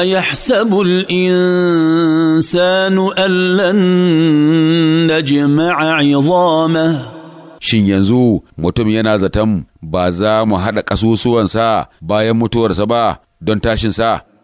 أيحسب الإنسان أن لن نجمع عظامه Shin yanzu mutum yana zaton ba za mu haɗa ƙasusuwansa bayan mutuwarsa ba don tashinsa?